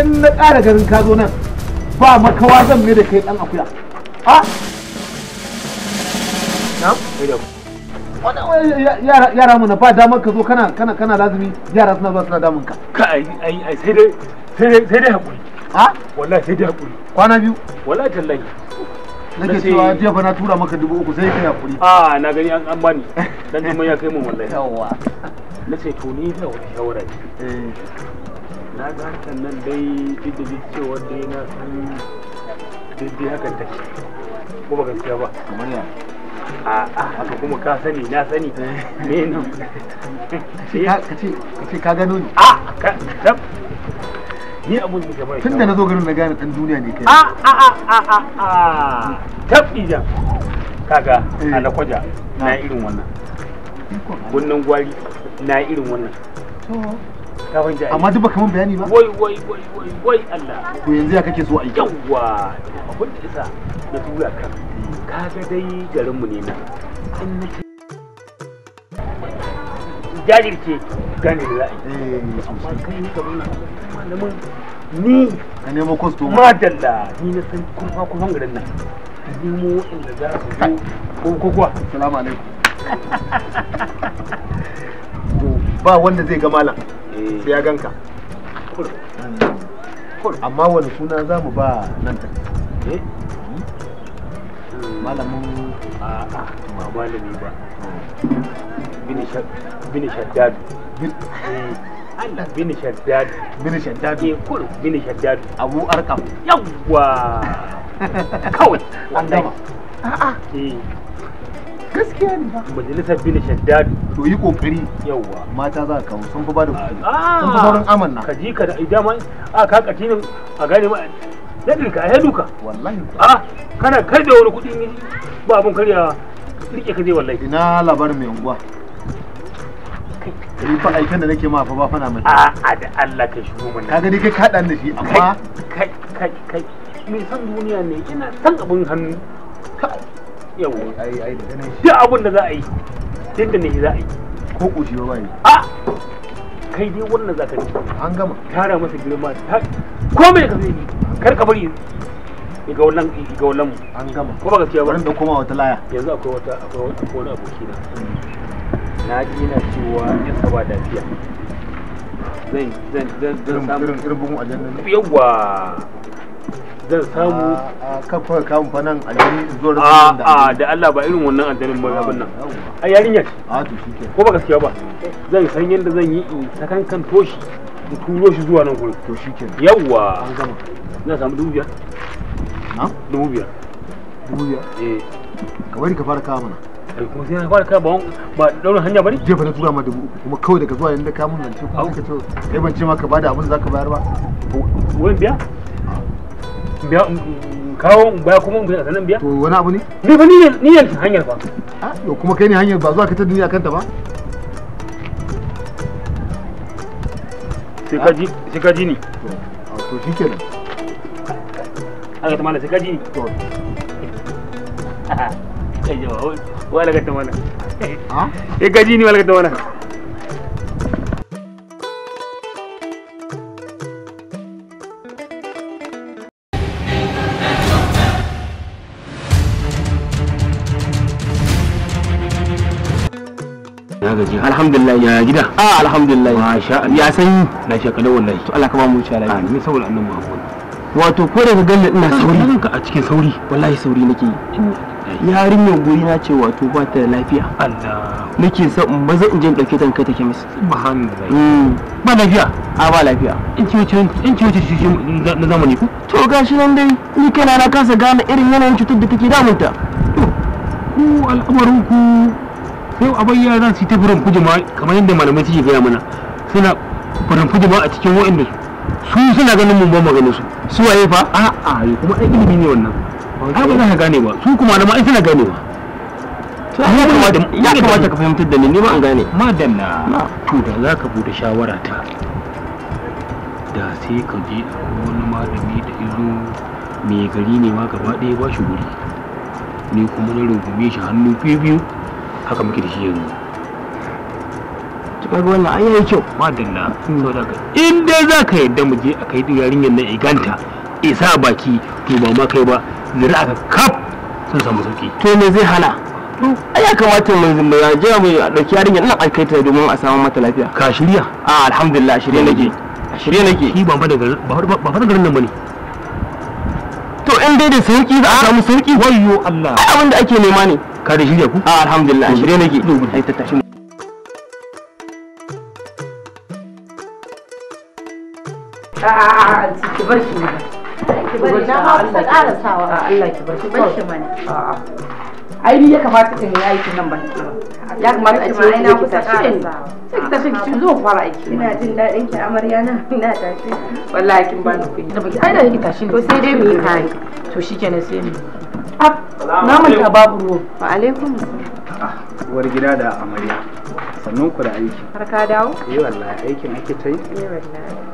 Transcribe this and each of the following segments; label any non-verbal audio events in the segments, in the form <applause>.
in na ƙara garin ka zo nan ba makawa zan mai da kai ɗan akuya a yara mana ba damar ka zo kana kana kana lazumi yara suna zuwa suna damun ka ka ai ai ai sai dai sai dai sai dai hakuri a wallahi sai dai hakuri kwana biyu wallahi tallahi nake cewa jiya fa na tura maka dubu uku sai kai haƙuri. a na gani an an bani dan jin ya kai mun wallahi na nace to ni da wani shawara na ga hankan nan dai duk da cewa cewar dai na san daidai hakan ta shi ko ba gaskiya ba kamar ya a haka kuma ka sani na sani me nan ka ce ka gano ni a ka ni abun da kamar tun da na zo garin na gane dan duniya ne kai a a a a a a tafi jan kaga eh. alakwaja na irin wannan gunnan gwari na irin wannan kafin jayi amma duk baka mun bayani ba wai wai wai wai wai Allah to yanzu ya kake so a yi yawa abin da isa na tura ka kaga dai garin mu ne nan in nake jajirce gane da za'a eh, amma kai ni gaban nan malamin ni a nemo kwasto madalla ni na san kurfa kurfan garin nan nemo inda za su zo ko ko kuwa salamu alaikum <laughs> ba wanda zai ga malam sai ya ganka amma wani suna za mu ba nan ta eh? hmm. malamin a ma malami ba hmm. shaddadu eh, Allah shaddadu shaddadu eh kur <laughs> an gaskiya ne ba majalisar bin shaddadu to yi kokari yawa mata za ka kawo sun fi ba da kuɗi ah! sun fi saurin amanna ka ji ka da idan ma a ka katinin a gane ma ya dirka ya duka wallahi a ah, kana karbe wani kuɗi ne ba abun karya rike ka je wallahi ina labarin mai unguwa kai fa aikin da nake ma fa ba fana mata a ah, a da Allah ka shigo mana kaga dai kai ka dan da shi amma kai kai kai me san duniya ne ina san abun hannu yau ai ai da ne shi abin da za a yi yadda ne za a yi ko koshi ba yi a kai dai wannan za ka yi an gama tara masa girma ko me ka zai kar ka bari ga wannan ga wannan an gama ko baka ciya ba da koma wata laya yanzu akwai wata akwai wani aboki na na ji na cewa ya saba lafiya zan zan zan samu irin bugun ajanda yawwa zan samu a kafa aljani zuwa da a ah, ah, da Allah ba irin wannan aljanin ba abin nan a yarinya ce a ah, to shike ko ba gaskiya ba zan san yadda zan yi in sakankan toshi in turo shi zuwa nan gurin to shikenan yawa an gama zan samu dubu biyar na dubu biyar dubu biyar eh ka bari ka fara kawo mana eh, kuma sai na fara kai ba ba daurin hanya bane jefa na tura ma dubu uku kuma kawai daga zuwa yanda ka mun zance kuma ka ce kai ban ce maka bada abin da ka bayar ba wurin biya biya kawo baya kuma biya sanan biya to wani abu ne ni fa ni hanyar ba. ah kuma kai ne hanyar ba zuwa ka ta duniya kanta ba sai ka ji ni to aka ta mana sai ka ji ni to kai wala ka ta mana ka ji ni <laughs> wala ah? ka ta mana agaji alhamdulillah ya gida a ah, alhamdulillah masha Allah ya san lafiya kalau wallahi to Allah ka ba mu wuce lafiya amin saboda annabi Muhammad wato ko daga galle ina sauri kanka a cikin sauri wallahi sauri nake yarinyar guri na ce wato ba ta lafiya Allah nake sa in maza in je in dauke ta kai ta kemis subhanallah hmm. ba lafiya a ba lafiya in ci wuce in ci wuce na zamani ku. to gashi nan dai ni kaina na kasa gane irin yanayin cutar da take damunta to ku al'amarin ku sai abai yaran su ta furin fujima kamar yadda malamai suke gaya mana suna furin fujima a cikin wa'inda su suna ganin mun ba maganin su su waye fa a a kuma ai ilimi ne wannan ai ba za ka gane ba su kuma malamai suna ganewa ya kamata ka fahimtar da ni ni ma an gane madanna to da za ka bude shawara ta da sai ka je wani malami da izo mai gari ne ma gaba ɗaya ba shi guri ni kuma na rungume shi hannu biyu biyu haka muke da shi yanzu kaga wannan an yi kyau madalla saboda hmm. ka in dai za ka yadda mu je a kai yarinyar nan iganta isa baki to ba ma kai ba zira aka kaf sun samu sauki to me zai hana hmm. ai ya kamata mu je mu dauki yarinyar nan a kai ta domin a samu mata lafiya ka shirya a alhamdulillah shirye nake shirye nake shi ba da ba fa garin nan bane to in dai da sauki za a samu sauki wayyo Allah abin da ake nema ne kare shirya ku a alhamdulillah shirye a sai ki tafi ina jin daɗin ki amarya na ina tashi wallahi kin ba ni kuɗi ai da ki tashi to sai dai mu yi kai to shikenan sai mu namun ta babu ruwa wa alaikum ah, uwar gida da amarya sannun ku da aiki har ka dawo eh wallahi aikin ake ta yi eh wallahi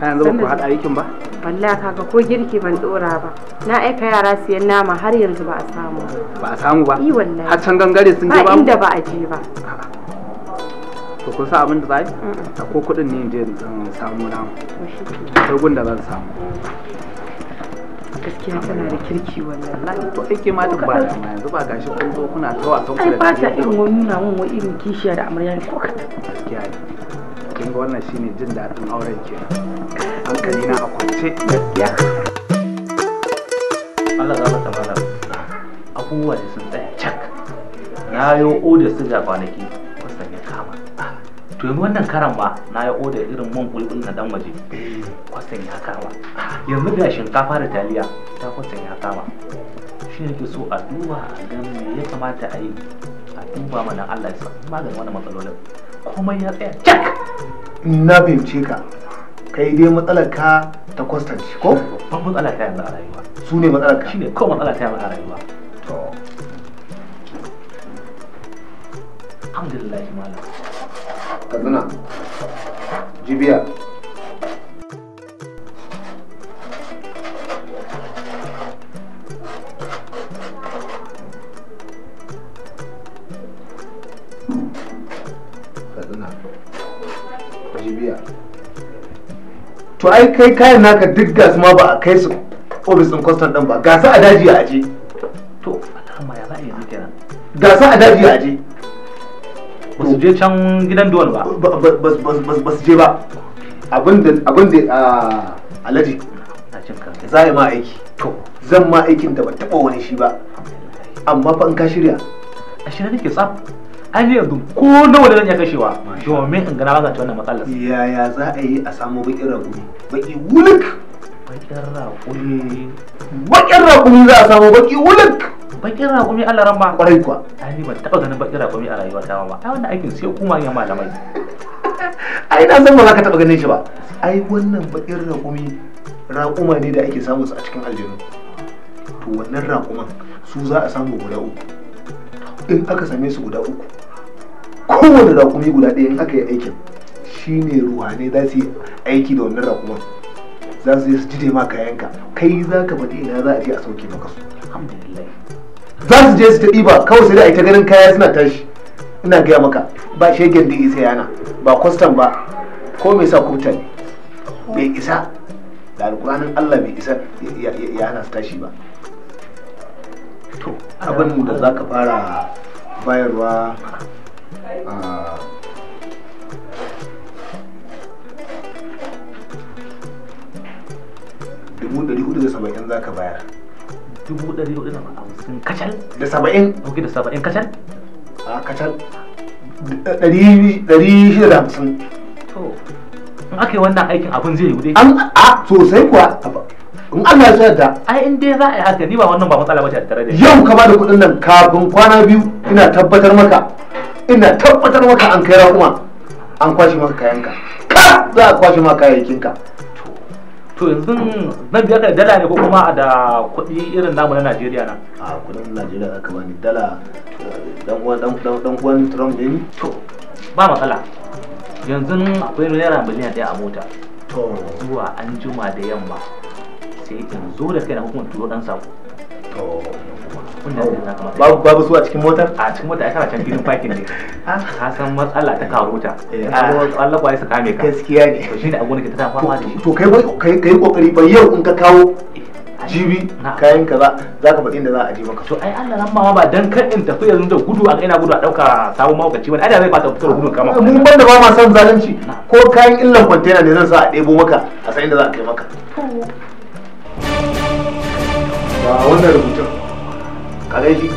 kana yanzu ba ku haɗa aikin ba wallahi kaga ko girki ban dora ba na aika yara siyan nama har yanzu ba a samu ba a samu ba eh wallahi har can gangare sun je ba inda ba a je ba to kun sa abin da za yi ko kuɗin ne inje je samu nama to gun da zan samu mm. gaskiya tana da kirki Na to ake ma duk ba yanzu ba gashi kun zo kuna ta wasan ku da ba ta irin wani nuna mun wani irin kishiya da amarya ko gaskiya ne kin ga wannan shine jin daɗin auren kenan hankali na a kwance gaskiya Allah za mata mana abubuwa da sun tsaya cak na yo oda su ga kwanaki kusan ya kama ah, to yanzu wannan karan ba na ya oda irin man gulbin na dan waje eh. kwastan ya kama yanzu ga shinkafa da taliya ta kwasan ya kama shi ne so a duba a gan me ya kamata a yi a duba mana Allah ya sa maganin wannan matsalolin komai ya tsaya cak na fahimce ka kai dai matsalar ka ta shi ko ba matsala ta yanzu a rayuwa su ne matsalar ka shine ko matsala ta yanzu a rayuwa to alhamdulillah malam kaduna jibiya to ai kai kayan naka duk gas ma ba a kai su ofis din kwastan din ba gasa a daji a aje to alhamma ya za a yanzu kenan gasa a daji a aje ba su je can gidan duwal ba ba su je ba abin da ah, alaji za a yi ma aiki to zan ma aikin da ban taba wani shi ba amma fa in ka shirya a shirya nake tsaf an yi yanzu ko nawa da zan iya kashewa domin in gana magance wannan matsalar yaya za a yi a samu baƙin raguni baƙi wuluk baƙin raguni hmm. baƙin raguni za a samu baƙi wuluk bakin raƙumi Allah ran ba ƙwarai kuwa ai ni ban taɓa ganin bakin raƙumi a rayuwa ta ba ta wannan aikin sai kuma ya malamai <laughs> ai na san ba za ka taɓa ganin shi ba ai wannan bakin raƙumi raƙuma ne da ake samun su a cikin aljanu to wannan raƙuman su za a samu guda uku in aka same su guda uku kowane raƙumi guda ɗaya in aka yi aikin shine ruhanai za su yi aiki da wannan raƙuman za su je su jide ma kayanka kai za ka faɗi ina za a je a sauke maka su alhamdulillah za su je su ta ɗiba kawai sai da ita ganin kaya suna tashi ina gaya maka ba shegen da isa yana ba kwastan ba ko mai sa kuta ne bai isa da alƙur'anin allah bai isa ya hana su tashi ba to abin da za ka fara bayarwa a ah, dubu ɗari hudu da saba'in za ka bayar dubu ɗari hudu da kacal da saba'in ok da saba'in kacal a kacal ɗari shida da hamsin in aka yi wannan aikin abin zai yi an a sosai kuwa in Allah ya da. ai in dai za a yi haka ni ba wannan ba matsala bace tare da yau ka bada kuɗin nan kafin kwana biyu ina tabbatar maka ina tabbatar maka an kai raƙuma an kwashe maka kayanka ka za a kwashe maka kayayyakinka to yanzu na biya ka dala ne ko kuma a da kuɗi irin namu na Najeriya na a kuɗin Najeriya zaka ni dala dan uwan dan uwan Trump ne to ba matsala yanzu akwai naira miliyan ɗaya a mota to zuwa an juma da yamma sai in zo da kai na hukumar turo dan sako to babu babu su a cikin motar a cikin motar ai tana can filin parking ne ah, ka san matsala ta ta. Eh, ah, Allah kwaye su kame ka gaskiya ne to shine abun da ke ta fama da shi to kai kai kai kokari ba yau in ka kawo jibi eh, kayan kaza za ka faɗi inda za a je maka to ai Allah ramma ma ba dan kan in tafi yanzu da gudu a ina gudu a dauka sabon mawukaci wani da zai fata fitar gudu kama eh, mun da ba ma san zalunci ko kayan illan container ne zan sa a ɗebo maka a san inda za a kai maka ba wannan rubutun ka gan shi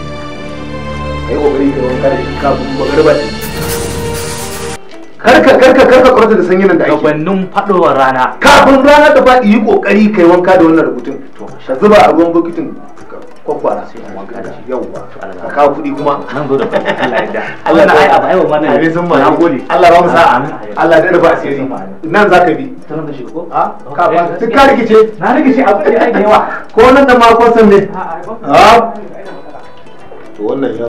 ka yi kokari ka wanka da shi kafin magarba karka karka karka kwarta da sanyi nan da ake gabanin faɗowar rana kafin rana ta faɗi yi kokari ka yi wanka da wannan rubutun ka zuba a ruwan bokitin kwakwara sai ka wanka da shi yawwa ka kawo kuɗi kuma nan zo da Allah <laughs> na ai abu ma nan sun ma nagode Allah ba mu Allah da rufa asiri nan zaka bi tun da shi ko a ka ba duk ka rikice na rikice abu da yawa ko nan da ma ko san ne a 多累呀！